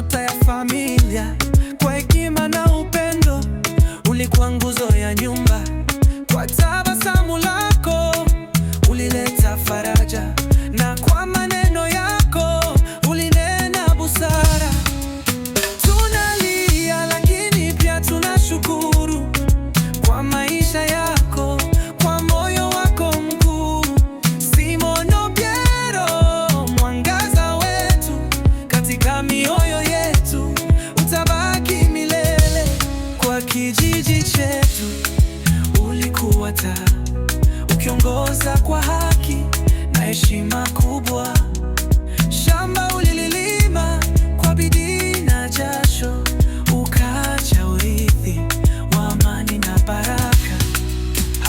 nyota ya familia kwa hekima na upendo, ulikuwa nguzo ya nyumba, kwa tabasamu lako ulileta faraja. kufuata, ukiongoza kwa haki na heshima kubwa. Shamba ulililima kwa bidii na jasho, ukaacha urithi wa amani na baraka.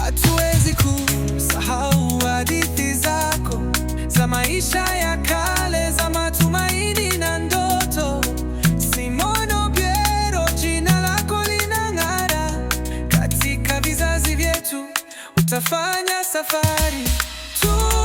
Hatuwezi kusahau hadithi zako za maisha ya Tafanya safari tu